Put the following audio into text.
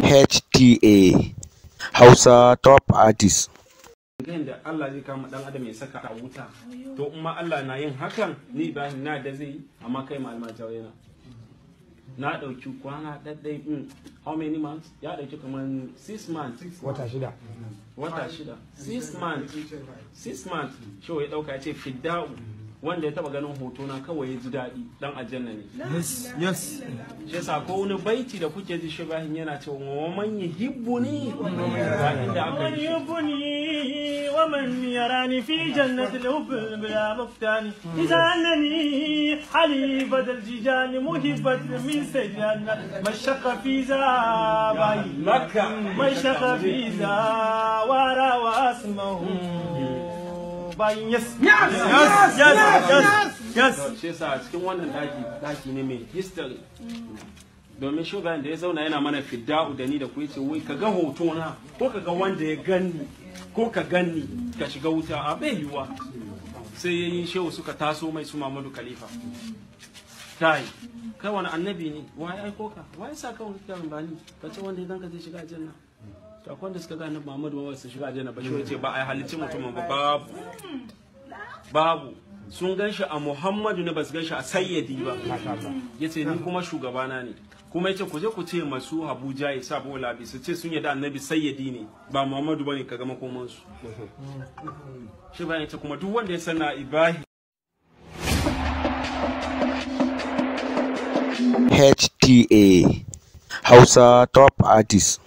HTA Hausa Top Artist. Gain da Allah zai kama dan adam ya saka a wuta. To in ma Allah na yin hakan ni ba na da zai amma kai ma malama jawayana. Na dauki kwana daddai din hmm, how many months? Ya dauki kaman 6 months. Wata shida. Wata shida. 6 months. 6 months. Shi ya dauka ya ce fidda'u. wanda ya taba ganin hoto na kawai ya ji daɗi dan aljanna ne yes yes shi yasa ko wani baiti da kuke ji shi bahin yana cewa wa man yuhibbu ni wa inda aka yi yuhibbuni wa man yarani fi jannati al-hubb bila maftani idza annani hali badal jijani muhibbat min sajjan mashqa fi za bai makka mashqa fi za wara wa asmahu bayin yes yes yes yes yes shi yasa cikin wannan daki daki ne mai history domin shugaban da ya zauna yana mana fidda'u da ni da kuwa ce wai ka ga hotona ko ka ga wanda ya ganni ko ka ganni ka shiga wuta a bai yiwuwa sai yayin shehu suka taso mai su Muhammadu Khalifa tai kai wani annabi ne wai aiko ka wai sa kawai kan bani ka ce wanda idan ka zai shiga aljanna to akwai suka gane Muhammadu ma su shiga aljanna ba wace ba ba yi halicci mutumin ba babu babu sun gan shi a Muhammadu ne ba su gan shi a sayyadi ba yace ni kuma shugabana ne kuma yace ku je ku ce masu Abuja ya sa bola bi su ce sun yada Annabi sayyadi ne ba Muhammadu ka kaga makoman su shi bayan yace kuma duk wanda ya sana Ibrahim HTA Hausa Top Artist